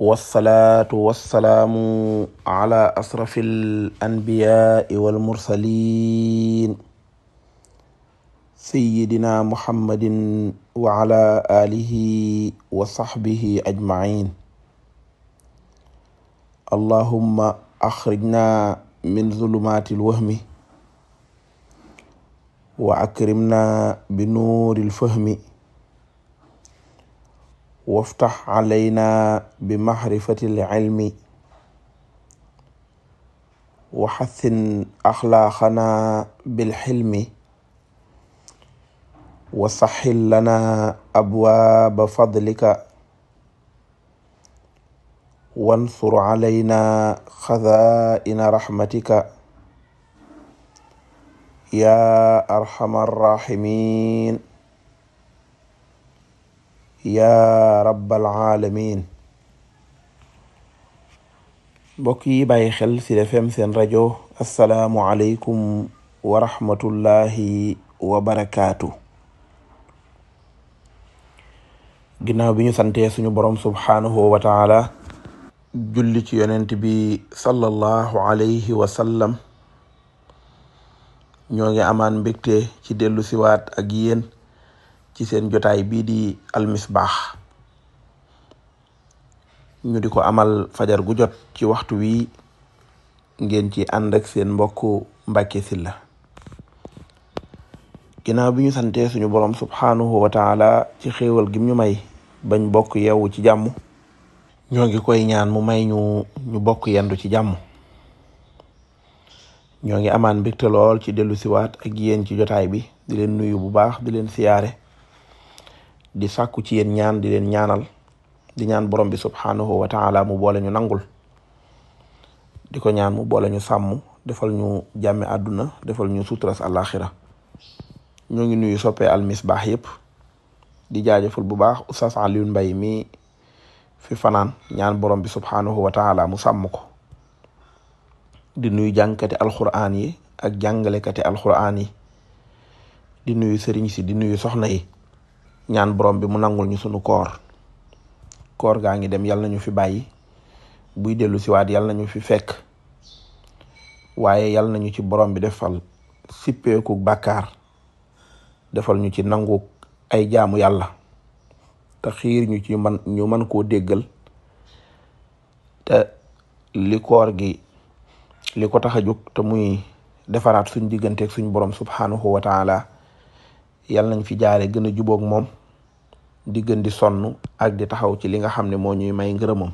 wasalaatu wasalaamu ala asrafil anbiyaai wal mursaliin sayyidina muhammadin wa ala alihi wa saxbihi ajmaciin allahumma axrijna min zulumaatil wahmi wa akrimna bi nuuril fahmi waftax calaynaa bi macrifati lcilmi wa xathin axlaaqanaa bilxilmi wa saxil lanaa abwaaba fadlika wansur calaynaa xazaa'ina raxmatika yaa arxama arraximin yaa rabbal aalamiin mbokk yi bàyyi xel ci Sud FM seen rajo asalaamualeykum wa rahmatullahi wa barakaatu. ginnaaw bi ñu santee suñu borom subhaanahu wa julli ci yonent bi sallallahu alayhi wa ñoo ngi amaan mbégte ci dellu siwaat ak yéen ci seen jotaay bii di baax ñu di ko amal fajar gu jot ci waxtu wi ngeen ci ànd seen mbokk Mbàkke Sylla ginnaaw bi ñu santee suñu borom subhaanahu wa ci xéewal gim ñu may bañ bokk yeewu ci jàmm ñoo ngi koy ñaan mu may ñu ñu bokk yendu ci jàmm ñoo ngi amaan mbégte lool ci dellu siwaat ak yéen ci jotaay bi di leen nuyu bu baax di leen siyaare di sàkku ci yéen ñaan di leen ñaanal di ñaan borom bi subhaanahu wa taala mu boole ñu nangul di ko ñaan mu boole ñu sàmm defal ñu jàmme àdduna defal ñu sutras alaxira ñoo ngi nuyu soppee Al Misbah yëpp di jaajëfal bu baax Oustaz Alioune Mbaye mi fi fanaan ñaan borom bi subhaanahu wa taala mu sàmm ko di nuyu jàngkati alxuraan yi ak jàngalekati alxuraan yi di nuyu sëriñ si di nuyu soxna yi ñaan borom bi mu nangul ñu sunu koor koor gaa ngi dem yal ñu fi bàyyi buy dellusiwaat siwaat na ñu fi fekk waaye yal nañu ci borom bi defal sippeeku bakkaar defal ñu ci nangu ay jaamu yàlla te xiir ñu ci ñu mën koo déggal te li koor gi li ko tax a jóg te muy defaraat suñ digganteeg suñ borom subhanahu wa taala yal nañ fi jaare gën a jubook moom di gën di sonn ak di taxaw ci li nga xam ne moo ñuy may ngërëmam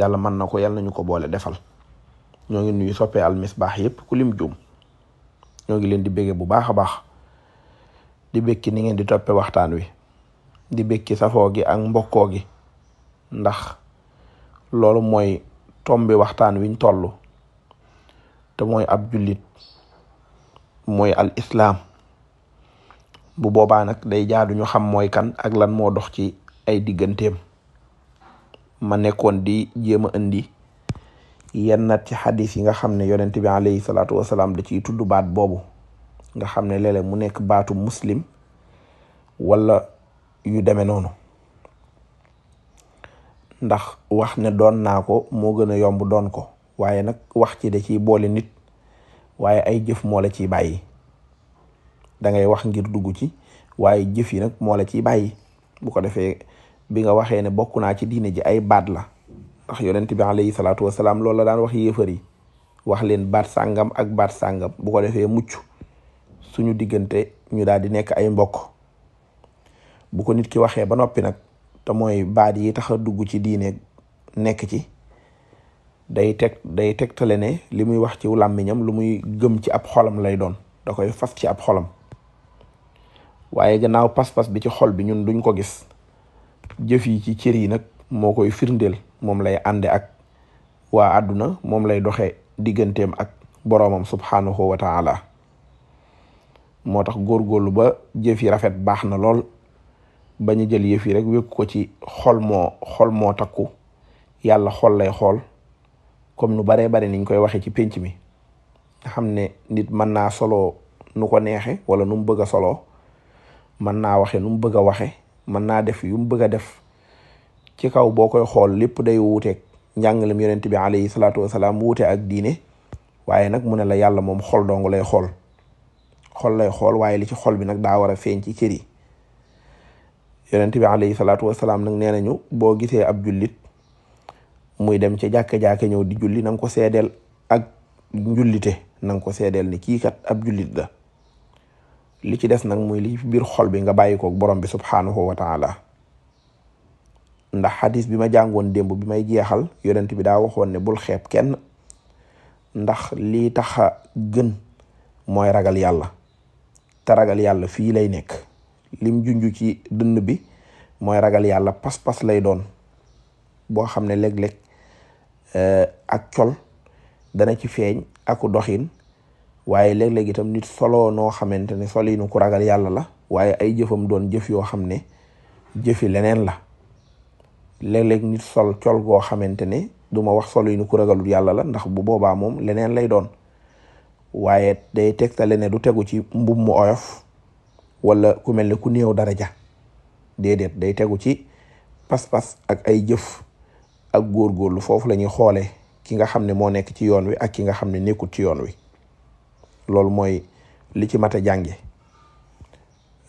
yàlla mën na ko yàlla nañu ko boole defal ñoo ngi nuyu soppee Al Misbah yëpp ku lim juum ñoo ngi leen di bége bu baax a baax di békki ni ngeen di toppe waxtaan wi di békki safoo gi ak mbokkoo gi ndax loolu mooy tombi waxtaan wiñ toll te mooy ab julit mooy al islaam bu boobaa nag day jaadu ñu xam mooy kan ak lan moo dox ci ay digganteem ma nekkoon di jéem a indi yenn ci xadis yi nga xam ne yonent bi alayhi salaatu wasalaam da ciy tudd baat boobu nga xam ne léeg mu nekk baatu muslim wala yu demee noonu ndax wax ne doon naa ko moo gën a yomb doon ko waaye nag wax ci da ciy boole nit waaye ay jëf moo la ciy bàyyi da ngay wax ngir dugg ci waaye jëf yi nag moo la ciy bàyyi bu ko defee bi nga waxee ne bokk naa ci diine ji ay baat la ndax yonent bi alayhi salaatu wasalaam loolu la daan wax yéefar yi wax leen baat sàngam ak baat sàngam bu ko defee mucc suñu diggante ñu daal di nekk ay mbokk bu ko nit ki waxee ba noppi nag te mooy baat yi tax dugg ci diine nekk ci day teg day tegtale ne li muy wax ci làmmiñam lu muy gëm ci ab xolam lay doon da koy fas ci ab xolam waaye gannaaw pas-pas bi ci xol bi ñun duñ ko gis jëf yi ci cër yi nag moo koy firndeel moom lay ànde ak waa àdduna moom lay doxe digganteem ak boroomam subhaanahu wa taala moo tax góorgóorlu ba jëf yi rafet baax na lool bañu jël yëf rek wékk ko ci xol moo moo takku yàlla xol lay xool comme nu baree bare niñ koy waxe ci pénc mi nga xam ne nit mën naa solo nu ko neexe wala nu mu bëgg a soloo mën naa waxe nu mu bëgg a waxe mën naa def yu mu bëgg a def ci kaw boo koy xool lépp day wuuteeg njàngalem yonent bi alayhi salaatu wasalaam wuute ak diine waaye nag mu ne la yàlla moom xol dong lay xool xol lay xool waaye li ci xol bi nag daa war a feeñ ci cër yi yonent bi alayhi salaatu wasalaam nag nee nañu boo gisee ab jullit muy dem ca jàkka-jàkka ñëw di julli na ko seedeel ak njullite na ko seedeel ni kii ab jullit la li ci des nag muy li biir xol bi nga bàyyi ko borom bi subhaanahu wa taala ndax xadis bi ma jàngoon démb bi may jeexal yonent bi daa waxoon ne bul xeeb kenn ndax lii tax a mooy ragal yàlla te ragal yàlla fii lay nekk lim junju ci dënn bi mooy ragal yàlla pas-pas lay doon boo xam ne léeg-léeg eh, col dana ci feeñ aku doxin waaye léeg-léeg itam nit solo noo xamante ne solinu ku ragal yàlla la waaye ay jëfam doon jëf yoo xam ne jëfi leneen la léeg-léeg nit sol col goo xamante ne du ma wax solinu ku ragalul yàlla la ndax bu boobaa moom leneen lay doon waaye day tegtale ne du tegu ci mbub mu oyof wala ku mel ne ku néew daraja déedéet day tegu ci pas-pas ak ay jëf ak góorgóorlu foofu la ñuy xoolee ki nga xam ne moo nekk ci yoon wi ak ki nga xam ne nekkul ci yoon wi loolu mooy li ci mat a jànge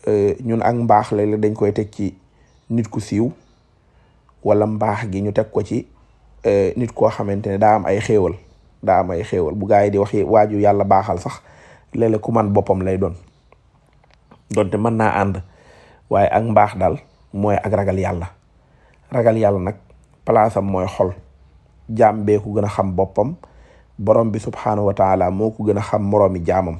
euh, ñun ak mbaax léeg-léeg dañ koy teg ci nit ku siiw wala mbaax gi ñu teg ko ci euh, nit koo xamante ne daa am ay xéewal daa am ay xéewal bu gaa yi di waxi waaju yàlla baaxal sax léeg-léeg ku man boppam lay doon doon donte mën naa ànd waaye ak mbaax daal mooy ak ragal yàlla ragal yàlla nag palaasam mooy xol jaam bee ku gën a xam boppam borom bi subhaanahu wa taala moo ko gën a xam moroomi jaamam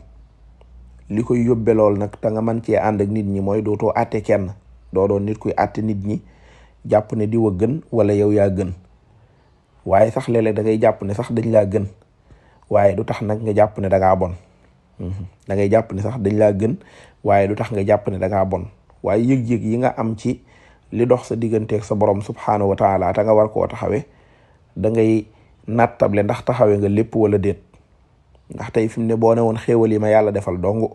li koy yóbbe lool nag te nga man cee ànd nit ñi mooy dootoo àtte kenn doo doon nit kuy àtte nit ñi jàpp ne diwa gën wala yow yaa gën waaye sax léeg da ngay jàpp ne sax dañ laa gën waaye du tax nag nga jàpp ne danga bon mhm. da ngay jàpp ne sax dañ laa gën waaye du tax nga jàpp ne dangaa bon waaye yëg-yëg yi nga am ci li dox sa digganteek sa borom subhaanahu wa taala te nga war koo taxawee da nattab le ndax taxawee nga lépp wala déet ndax tey fi mu ne boo ne woon xéewal yi ma yàlla defal dong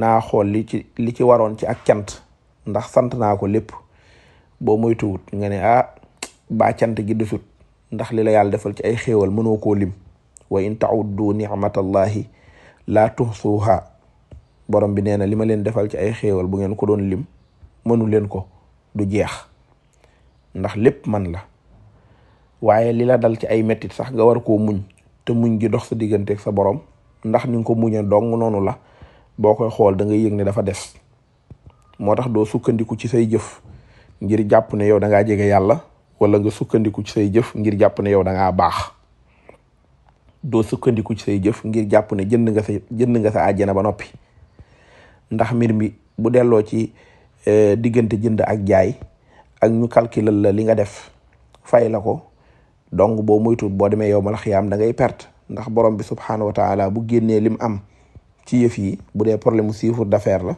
naa xool li ci li ci waroon ci ak cant ndax sant naa ko lépp boo moytuwut nga ne ah baa cant gi desut ndax li la yàlla defal ci ay xéewal mënoo koo lim wa in tauddu nicmatallahi laa tuhsuha borom bi nee na li ma leen defal ci ay xéewal bu ngeen ko doon lim mënu leen ko du jeex ndax lépp man la waaye li la dal ci ay mettit sax nga war ko muñ te muñ gi dox sa digganteeg sa borom ndax ni ko muñe dong noonu la boo koy xool da ngay yëg ne dafa des moo tax doo sukkandiku ci say jëf ngir jàpp ne yow da jege yàlla wala nga sukkandiku ci say jëf ngir jàpp ne yow da baax doo sukkandiku ci say jëf ngir jàpp ne jënd nga sa jënd nga sa àjjana ba noppi ndax mbir mi bu delloo ci eh, diggante jënd ak jaay ak ñu calculer la li nga def fay la ko donc boo moytu boo demee yow mal xiyaam da ngay perte ndax borom bi subxanahu wa taala bu génnee lim am ci yëf yi bu dee problème mu chiffre d'affaires la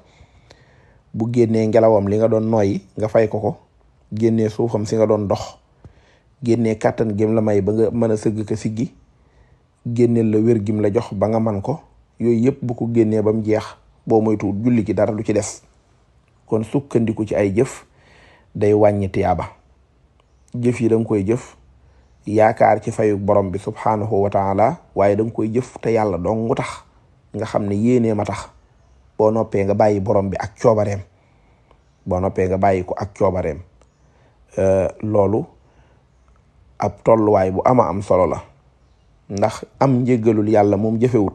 bu génnee ngelawam li nga doon nooyi nga fay ko ko génnee suufam si nga doon dox génnee kattan gim la may ba nga mën a sëgg ka siggi génneel la wér gim la jox ba nga man ko yooyu yëpp bu ko génnee ba mu jeex boo moytuwul julli gi dara lu ci des kon sukkandiku ci ay jëf day wàññi tiyaaba jëf yi danga koy jëf. yaakaar ci fayu borom bi subhaanahu wa taala waaye da koy jëf te yàlla dongu tax nga xam ne yéenee ma tax boo noppee nga bàyyi borom bi ak coobareem boo noppee nga bàyyi ko ak coobareem euh, loolu ab tolluwaay bu ama am solo la ndax am njëggalul yàlla moom jëfewut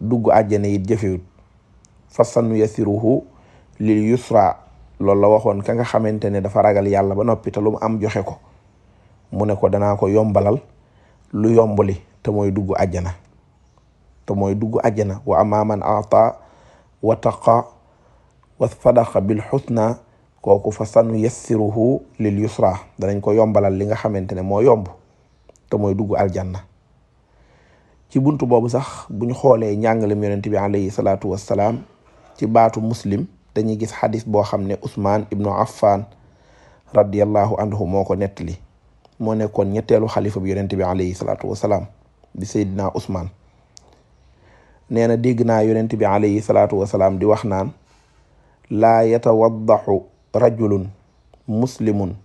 dugg àjjana it jëfewut fasanu yasiruhu lil yusra loolu la waxoon ka nga xamante ne dafa ragal yàlla ba noppi te lu mu am joxe ko mu ne ko danaa ko yombalal lu yombali te mooy dugg àjjana te mooy dugg àjjana wa amma man ata wa taqa wa sadaqa bil xusna kooku fa sanu yassiruhu lil yusra danañ ko yombalal li nga xamante ne moo yomb te mooy dugg aljanna ci buntu boobu sax bu ñu xoolee njàngalem yonent bi alayhi salaatu wassalaam ci baatu muslim dañuy gis xadis boo xam ne Usmaan ibnu Affaan radiyallahu anhu moo ko nettali moo nekkoon ñetteelu xalifa bi yonent bi alayhi salaatu wasalaam di Seydina Ousmane nee na dégg naa yonent bi alayhi salaatu wasalaam di wax naan laa yatawaddaxu rajulun muslimun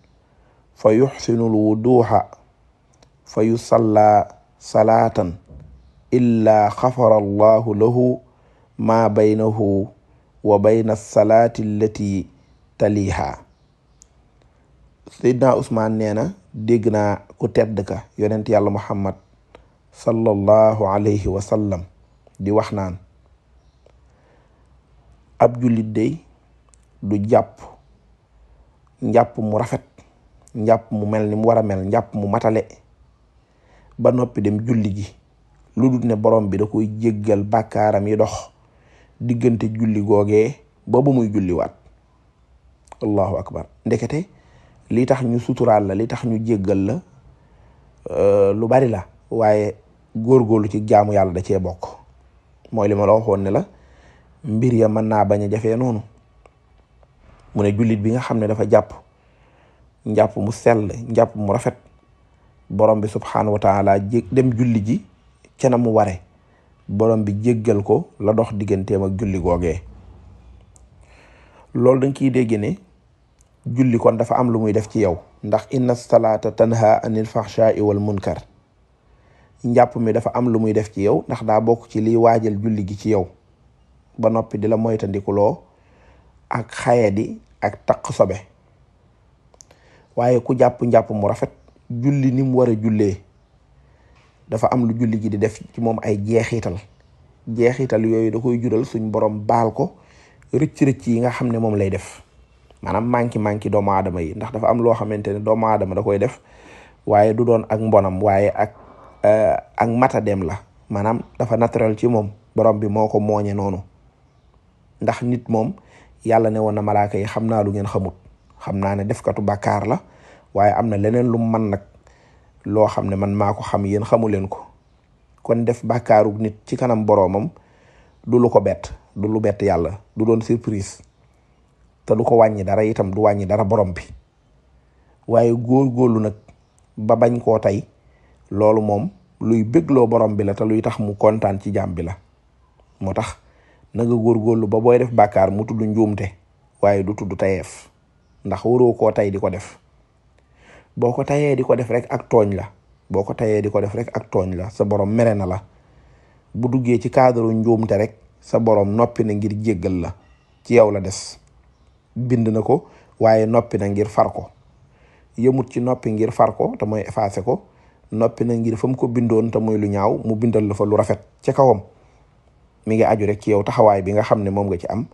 fa yuxsinul wuduuxa fa yusallaa salaatan illaa xafara allahu wa bayna salaati allati taliihaa Seydina Ousmane nee na dégg naa ku tedd yonent yàlla Muhammad sallallahu alayhi wa di wax naan ab jullit day du jàpp njàpp mu rafet njàpp mu mel ni mu war mel njàpp mu matale ba noppi dem julli ji lu dul ne borom bi da koy jéggal bàkkaaram yi dox diggante julli googee ba ba muy julliwaat allahu akbar ndekete li tax ñu suturaal la li tax ñu jéggal la euh, lu bari la waaye góorgóorlu ci jaamu yàlla da cee bokk mooy li ma la waxoon ne la mbir ya mën naa bañ a jafee noonu mu ne jullit bi nga xam ne dafa jàpp njàpp mu sell njàpp mu rafet borom bi subxanahu wa taala jég dem julli ji ca na mu ware borom bi jéggal ko la dox digganteem ak julli googee loolu dañ ciy dégg ne julli kon dafa am lu muy def ci yow ndax inna salaata tanha anil fahshaai wal munkar njàpp mi dafa am lu muy def ci yow ndax daa bokk ci li waajal julli gi ci yow ba noppi di la moytandikuloo ak xayadi ak taq sobe waaye ku jàpp-njàpp mu rafet julli ni mu war a jullee dafa am lu julli gi di def ci moom ay jeexital jeexital yooyu da koy jural suñ borom baal ko rëcc-rëcc yi nga xam ne moom lay def maanaam manki manki doomu aadama yi ndax dafa am loo xamante ne doomu aadama da koy def waaye du doon ak mbonam waaye ak eh, ak dem la maanaam dafa naturel ci moom borom bi moo ko mooñe noonu ndax nit moom yàlla ne woon na malaaka yi xam naa lu ngeen xamut xam naa ne def katu bàkkaar la waaye am na leneen lu man nag loo xam ne man maa ko xam yéen xamu leen ko kon def bàkkaaru nit ci kanam boroomam du lu ko bett du lu bet yàlla du doon surprise te du ko wàññi dara itam du wàññi dara borom bi waaye góorgóorlu nag ba bañ koo tey loolu moom luy bégloo borom bi la te luy tax mu kontaan ci jaam bi la moo tax na nga góorlu ba booy def bàkkaar mu tudd njuumte waaye du tuddu tayeef ndax waroo koo tay di ko def boo ko tayee di ko def rek ak tooñ la boo ko tayee di ko def rek ak tooñ la sa borom mere na la bu duggee ci cadre njuumte rek sa borom noppi na ngir jéggal la ci yow la des bind na ko waaye noppi na ngir far ko yëmut ci noppi ngir far ko te mooy effacé ko noppi na ngir fa mu ko bindoon te mooy lu ñaaw mu bindal la fa lu rafet ci kawam mi ngi aju rek ci yow taxawaay bi nga xam ne moom nga ci am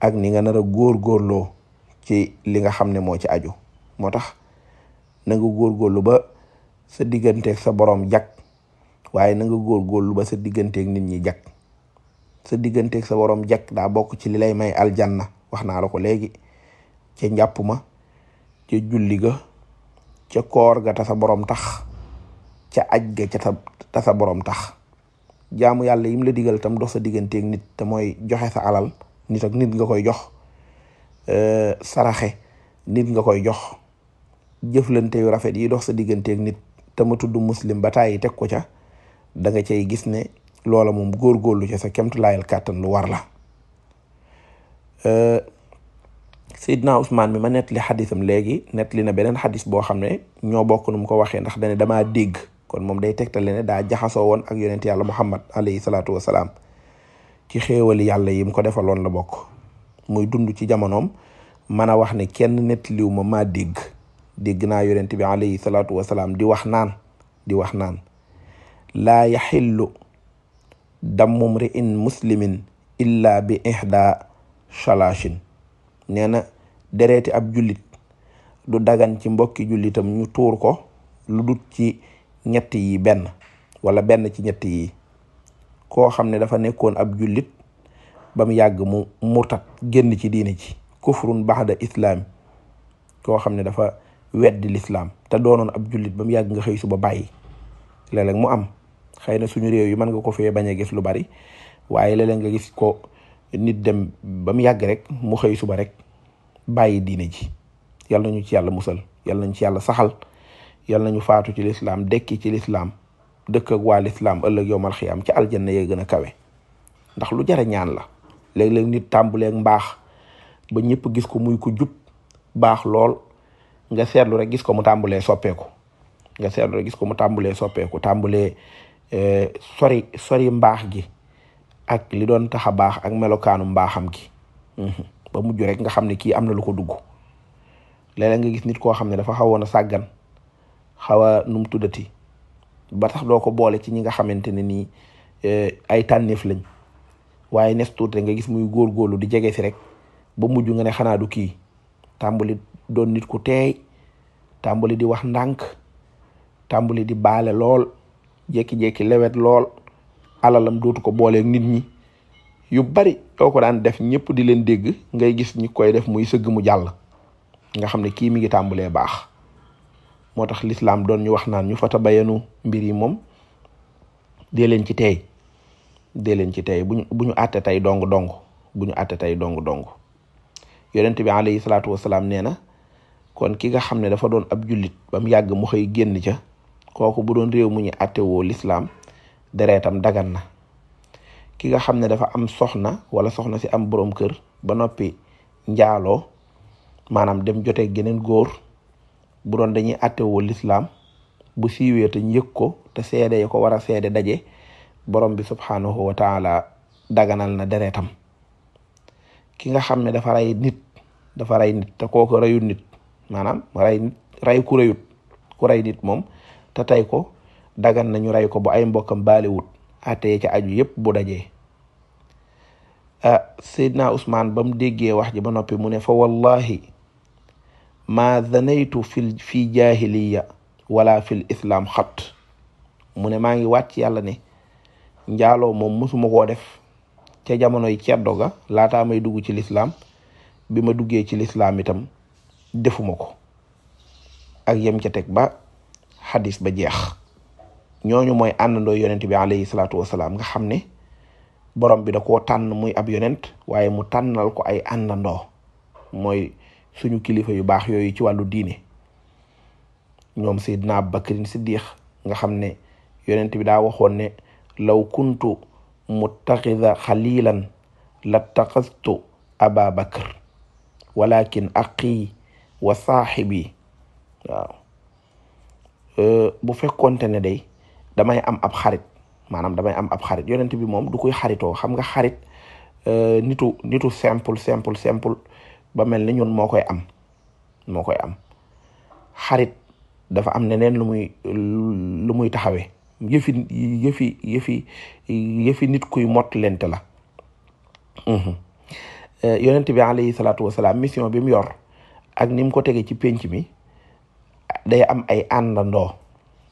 ak ni nga nar a góor-góorloo ci li nga xam ne moo ci aju moo tax na nga góor-góorlu ba sa digganteeg sa borom jag waaye na nga góor-góorlu ba sa digganteeg nit ñi jag sa digganteeg sa borom jag daa bokk ci li lay may aljanna wax naa la ko léegi ca njàpp ma ca julli ga ca koor ga ta sa borom tax ca aj ga ca ta sa borom tax jaamu yàlla yim la digal tam dox sa digganteeg nit te mooy joxe sa alal nit nit nga koy jox saraxe nit nga koy jox jëflante yu rafet yi dox sa digganteeg nit te ma tudd muslim ba tàyyi teg ko ca da cay gis ne loola moom góorgóorlu ca sa kemtulaayal kàttan lu war la Euh, Seydina Ousmane mi ma nettali xadisam léegi nettali na beneen xadis boo xam ne ñoo bokk nu ko waxee ndax dane damaa digg kon moom day tegtale ne daa jaxasoo woon ak yonent yàlla Muhammad alayhi salaatu wasalaam ci xéewali yàlla yi ko defaloon la bokk muy dund ci jamonoom man a wax ne kenn nettaliwu ma maa dégg dégg naa yonent bi alayhi salaatu wasalaam di wax naan di wax naan laa yaxillu dammum ri'in muslimin illa bi ihda shalashin nee na dereeti ab jullit du dagan ci mbokki jullitam ñu tuur ko lu dut ci ñett yi benn wala benn ci ñett yi koo xam ne dafa nekkoon ab jullit ba mu yàgg mu murtat génn ci diine ci kufrun baxada islaam koo xam ne dafa weddi lislaam te doonoon ab jullit ba mu yàgg nga xëy suba bàyyi léeg-léeg mu am xëy na suñu réew yi mën nga ko fee bañ gis lu bari waaye léeg-léeg nga gis ko nit dem ba mu yàgg rek mu xëy suba rek bàyyi diine ji yàlla nañu ci yàlla musal yàlla nañu ci yàlla saxal yàlla nañu faatu ci lislaam dekki ci lislaam dëkk ak waa lislaam ëllëg yowmal xiyaam ci aljanna yee gën a kawe ndax lu jara ñaan la léeg-léeg nit tàmbuleeg mbaax ba ñëpp gis ko muy ku jub baax lool nga seetlu rek gis ko mu tàmbulee soppeeku nga seetlu rek gis ko mu tàmbulee soppeeku tàmbulee eh, sori sori mbaax gi ak li doon tax a baax ak melokaanu mbaaxam ki mhm. ba mujj rek nga xam ne kii am na lu ko dugg léeg-léeg nga gis nit koo xam ne dafa xawoon a sàggan xaw a num tuddati ba tax doo ko boole ci ñi nga xamante ne nii eh, ay tànneef lañ waaye nes tuut rek nga gis muy góorgóorlu di jege si rek ba mujj nga ne xanaa du kii tàmbali doon nit ku teey tàmbali di wax ndànk tàmbali di baale lool jékki-jékki lewet lool alalam dootu ko boole nit ñi yu bari yoo ko daan def ñëpp di leen dégg ngay gis ñi koy def muy sëgg mu jàll nga xam ne kii mi ngi tàmbalee baax moo tax lislaam doon ñu wax naan ñu foto bayanu mbir yi moom dee leen ci tey dee leen ci tey bu ñu bu ñu àtte tey dong dong bu ñu àtte tey dong dong yonent bi alayhi salaatu wasalaam nee na kon ki nga xam ne dafa doon ab jullit ba mu yàgg mu xëy génn ca kooku bu doon réew mu ñu àtte woo lislaam deretam dagan na ki nga xam ne dafa am soxna wala soxna si am borom kër ba noppi njaaloo maanaam dem jote geneen góor buron doon dañuy attewoo lislaam bu siiwee te ñu yëg ko te seede yi ko war a seede daje borom bi subhaanahu wa taala daganal na deretam ki nga xam ne dafa rey nit dafa rey nit te kooku reyut nit maanaam rey nit rey ku reyut ku rey nit moom te tey ko dagan nañu rey ko bu ay mbokkam baaliwut ateye ca aju yépp bu dajee ah, Seydina Ousmane ba mu déggee wax ji ba noppi mu ne fa wallahi ma zanaytu fi fi jahiliya wala fil islam xat mu ne maa ngi wàcc yàlla ne njaaloo moom mosuma koo def ca jamonoy ceddo ga laata may dugg ci lislam bi ma duggee ci lislaam itam defuma ko ak yem ca teg ba xadis ba jeex ñooñu mooy àndandoo yonent bi alayhi salaatu wasalaam nga xam ne borom bi da koo tànn muy ab yonent waaye mu tànnal ko ay àndandoo mooy suñu kilifa yu baax yooyu ci wàllu diine ñoom Seydina Abubakrin Siddiq nga xam ne yonent bi daa waxoon ne law kuntu muttaxida xalilan lattaxastu aba bakr walakin aqi wa saaxibi waaw euh, bu fekkonte ne day damay am ab xarit maanaam damay am ab xarit yonent bi moom du koy xaritoo xam nga xarit euh, nitu nitu simple simple simple ba mel ni ñun moo koy am moo koy am xarit dafa am neneen lu muy lu muy taxawee yëfi yëfi yëfi yëfi nit kuy mott lente la mhm. euh, yonent bi alayhi salaatu wasalaam mission bi mu yor ak ni mu ko tege ci pénc mi day am ay àndandoo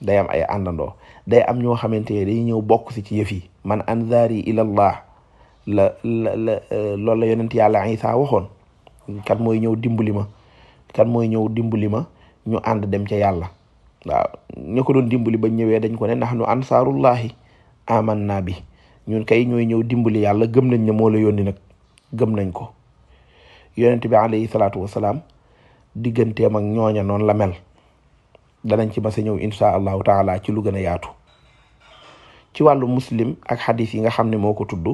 day am ay àndandoo day am ñoo xamante ne day ñëw bokk si ci yëf yi man anzaari ilallah la la la euh, loolu la yonent yàlla Isa waxoon kan mooy ñëw dimbali ma kan mooy ñëw dimbali ma ñu ànd dem ca yàlla waaw ñu ko doon dimbali ba ñëwee dañ ko ne nahnu ansaarullahi aman naa bi ñun kay ñooy ñëw dimbali yàlla gëm nañ ne moo la yónni nag gëm nañ ko yonent bi alayhi salaatu wasalaam digganteem ak ñooña noonu la mel danañ ci mas a ñëw insha allahu taala ci lu gën a yaatu ci wàllu muslim ak xadis yi nga xam ne moo ko tudd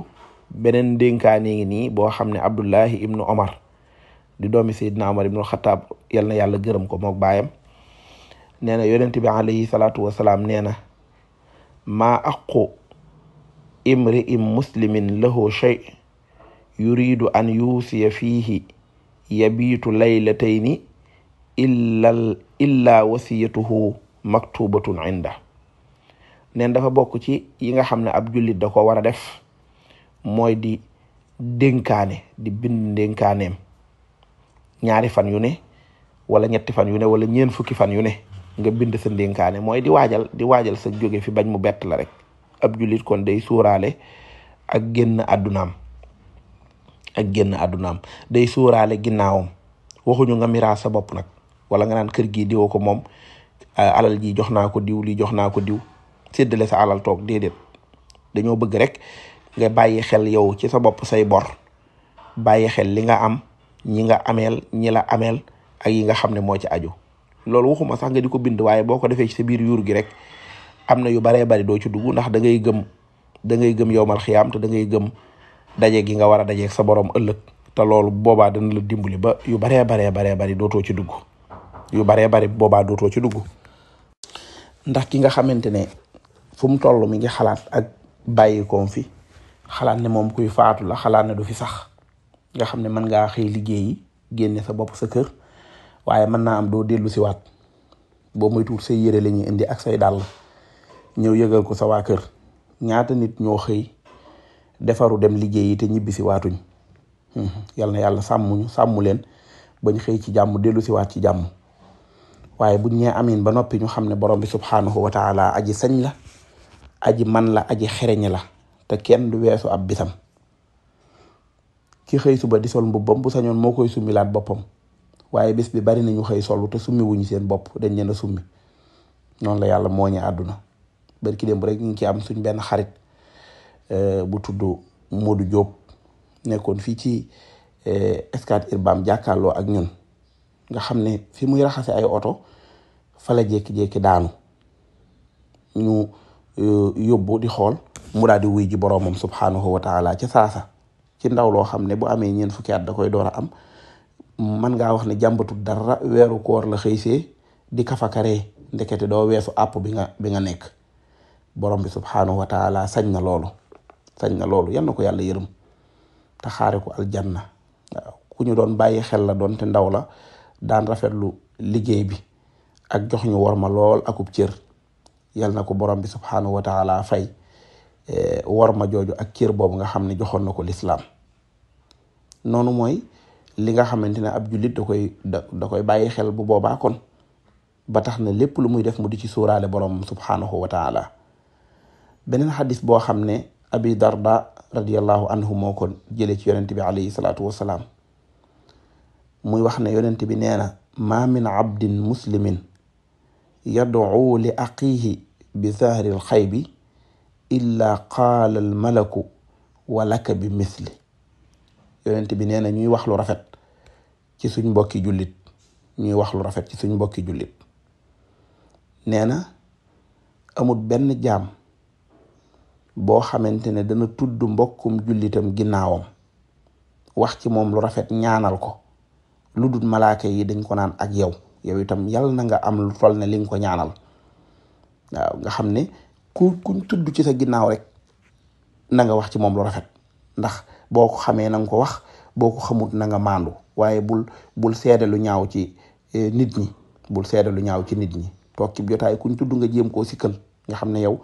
beneen dénkaane ngi nii boo xam ne abdullahi ibnu omar di doomi seydina omar ibnu xataab yal yàlla gërëm ko mook baayam nee na yonent bi salaatu wasalaam nee na maa aqu imri im muslimin lahu shay yuridu an yuusiya fiihi yabiitu laylatayni illa wasiyatuhu maktubatun inda neen dafa bokk ci yi nga xam ne ab jullit da ko war a def mooy di dénkaane di bind dénkaaneem ñaari fan yu ne wala ñetti fan yu ne wala ñeen fukki fan yu ne nga bind sa dénkaane mooy di waajal di waajal sa jóge fi bañ mu bett la rek ab jullit kon day suuraale ak génn àddunaam ak génn àddunaam day suuraale ginnaawam waxuñu nga miraas sa bopp nag wala nga naan kër gi diwoo ko moom alal ji jox naa ko diw li jox naa ko diw séddale sa alal toog déedéet dañoo bëgg rek nga bàyyi xel yow ci sa bopp say bor bàyyi xel li nga am ñi nga ameel ñi la ameel ak yi nga xam ne moo ci aju loolu waxuma sax nga di ko bind waaye boo ko defee ci sa biir yuur gi rek am na yu baree bari doo ci dugg ndax da gëm da ngay gëm yowmal xiyaam te da ngay gëm daje gi nga war a dajeeg sa ëllëg te loolu boobaa dana la dimbali ba yu baree baree baree bari dootoo ci dugg yu baree bari boobaa dootoo ci dugg ndax ki nga xamante ne fu mu toll mi ngi xalaat ak bàyyikoom fi xalaat ne moom kuy faatu la xalaat ne du fi sax nga xam ne mën ngaa xëy liggéeyi génne sa bopp sa kër waaye mën naa am doo dellu siwaat boo muy tuut say yére la indi ak say dàll ñëw yëgal ko sa waa kër ñaata nit ñoo xëy defaru dem liggéeyi te ñibbi si hmm, yal na yàlla sàmmuñu sàmmu leen bañ xëy ci jàmmu dellu siwaat ci jàmm waaye buñ ñee amiin ba noppi ñu xam ne borom bi subhanahu wa taala aji sañ la aji man la aji xereñ la te kenn du weesu ab bisam ki xëy suba di sol mbubbam bu sañoon moo koy summilaat boppam waaye bis bi bari nañu xëy solu te summi wuñu seen bopp dañ leen a summi noonu la yàlla mooñe àdduna bari ki dem rek ñu ngi ci am suñ benn xarit euh, bu tudd Modou Diop nekkoon fii ci euh, Scat Urbam jàkkaarloo ak ñun nga xam ne fi muy raxase ay oto fa la jékki daanu Euh, yóbbu di xool mu daal di wuy ji boroomam subhaanahu wa taala ci saasa ci ndaw loo xam ne boo amee ñeent fukki at da koy door a am man ngaa wax ne jàmbatul dara weeru koor la xëy see di kafakaree ndekete doo weesu àpp bi nga bi nga nekk borom bi subhaanahu wa sañ na loolu sañ na loolu yal na ko yàlla yërëm te xaare ko aljanna waaw ku ñu doon bàyyi xel la doon te ndaw la daan rafetlu liggéey bi ak jox ñu war ma lool akub cër yal na ko borom bi subxanahu wa taala fay eh, war ma jooju ak cër boobu nga xam ne joxoon na ko lislaam noonu mooy li nga xamante ne ab jullit da koy koy bàyyi xel bu boobaa kon ba na lépp lu muy def mu di ci suuraale borom subxanahu wa taala xadis boo xam ne abi darda radiallahu anhu moo ko jëlee ci yonent bi alayhi salaatu wa salaam muy wax ne yonent bi nee na ma min abdin muslimin yad'u li bi zahri alxaybi illaa malaku almalaku walaka bi misli yonent bi nee na ñuy wax lu rafet ci suñ mbokki jullit ñuy wax lu rafet ci suñ mbokki jullit nee na amul benn jaam boo xamante ne dana tudd mbokkum jullitam ginnaawam wax ci moom lu rafet ñaanal ko lu dul malaaka yi dañ ko naan ak yow yow itam yal na nga am lu toll ne ko ñaanal waaw nga xam ne ku kuñ tudd ci sa ginnaaw rek na nga wax ci moom lu rafet ndax boo ko xamee na nga ko wax boo ko xamut na nga maandu waaye bul bul seede lu ñaaw ci eh, nit ñi bul seede lu ñaaw ci nit ñi toog ci jotaay kuñ tudd nga jéem koo sikkal nga xam ne yow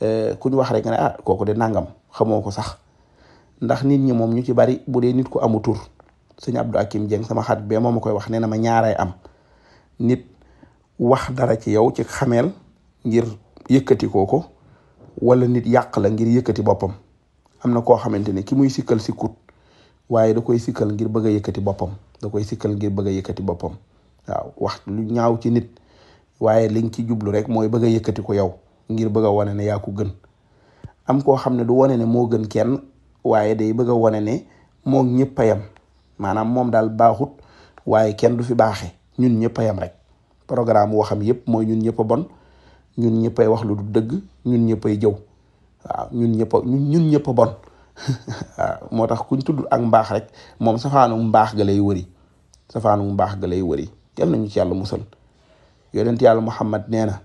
eh, kuñ wax rek nga ne ah ko de nangam xamoo ko sax ndax nit ñi moom ñu ci bari bu dee nit ku amu tur sëñ Abdou Akim Dieng sama xarit bee moom ma koy wax nee na ma ñaaray am nit wax dara ci yow ci xameel ngir yëkkati kooko wala nit yàq la ngir yëkkati boppam am na koo xamante ne ki muy sikkal sikkut waaye da koy sikkal ngir bëgg a yëkkati boppam da koy sikkal ngir bëgg a boppam waaw wax lu ñaaw ci nit waaye liñ ci jublu rek mooy bëgg a yëkkati ko yow ngir bëgg a wane ne yaa ko gën am koo xam ne du wane ne moo gën kenn waaye day bëgg a wane ne moom ñëpp a yem maanaam moom daal baaxut waaye kenn du fi baaxe ñun ñëpp a yem rek programme waxam yëpp mooy ñun ñëpp bon ñun ñëppay wax lu du dëgg ñun ñëppay jëw waaw ñun ñëpp ñun ñëpp bon waaw moo tax kuñ tudd ak mbaax rek moom safaanu mbaax ga lay wëri safaanu mbaax ga lay wëri yal nañu ci yàlla musal yonent yàlla Muhammad nee na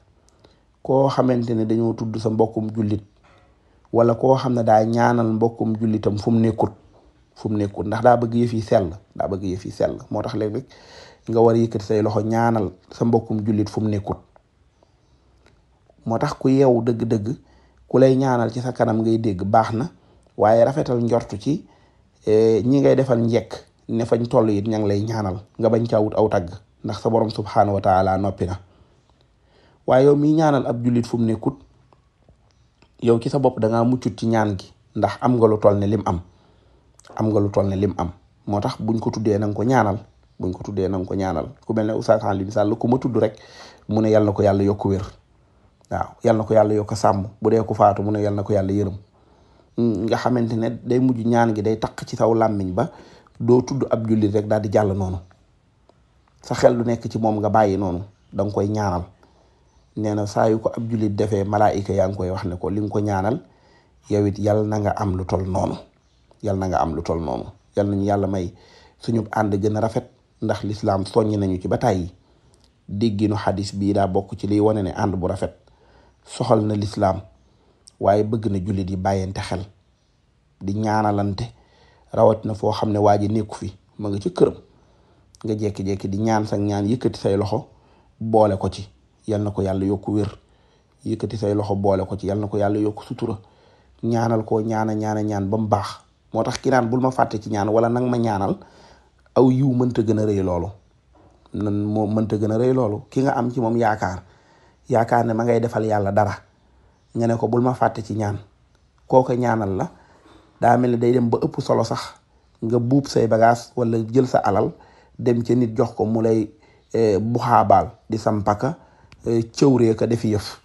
koo xamante ne dañoo tudd sa mbokkum jullit wala koo xam ne daa ñaanal mbokkum jullitam fu mu nekkut fu mu nekkut ndax daa bëgg yëf yi sell daa bëgg yëf yi sell moo tax léeg nga war a say loxo ñaanal sa mbokkum jullit fu mu nekkut moo tax ku yew dëgg-dëgg ku lay ñaanal ci sa kanam ngay dégg baax na waaye rafetal njortu ci eh, ñi ngay defal njekk ne fañ toll it ngi lay ñaanal nga bañ caa wut aw tagg ndax sa borom subxanahu wa taala noppi na waaye yow miy ñaanal ab jullit fu mu nekkut yow ci sa bopp da ngaa muccut ci ñaan gi ndax am nga lu toll ne lim am am nga lu toll ne lim am moo tax buñ ko tuddee na nga ko ñaanal buñ ko tuddee na nga ko ñaanal ku mel ne Oustaz Alioune Sall ku ma tudd rek mu ne yàlla na ko yàlla yokku wér. waaw yal ko yàlla yokk sàmm bu dee ko faatu mu ne yal ko yàlla yërëm mm, nga xamante ne day mujj ñaan gi day taq ci saw làmmiñ ba doo tudd ab jullit rek daal di jàll noonu sa xel du nekk ci moom nga bàyyi noonu danga koy ñaanal nee na saa ko ab jullit defee malaayika yaa ngi koy wax ne ko li nga ko ñaanal yow it na nga am lu tol noonu yal na nga am lu tol noonu yal nañu yàlla may suñu ànd gën a rafet ndax lislaam soññ nañu ci ba tàyyi dégginu xadis bii daa bokk ci liy wane ne ànd bu rafet soxal na lislaam waaye bëgg na jullit yi bàyyante xel di ñaanalante rawat na foo xam ne waa ji nekku fi ma nga ci këram nga jekki-jekki di ñaan sa ñaan yëkkati say loxo boole ko ci yal na ko yàlla yokku wér yëkkati say loxo boole ko ci yal na ko yàlla yokku sutura ñaanal ko ñaana ñaana ñaan ba mu baax moo tax ki naan bul ma fàtte ci ñaan wala nag ma ñaanal aw yiw mënta gën a rëy loolu nan moo mënta gën a rëy ki nga am ci moom yaakaar yaakaar ne ma ngay defal yàlla dara nga ne ko bul ma fàtte ci ñaan kooku ñaanal la daa mel ne day dem ba ëpp solo sax nga buub say bagaas walla jël sa alal dem ca nit jox ko mu lay eh, buxaabaal di sampaka eh, cëwree ka defi yëf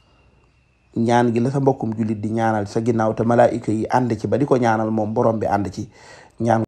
ñaan gi la sa mbokkum jullit di ñaanal sa ginnaaw te malaayika yi ànd ci ba di ko ñaanal moom borom bi ànd ci ñaan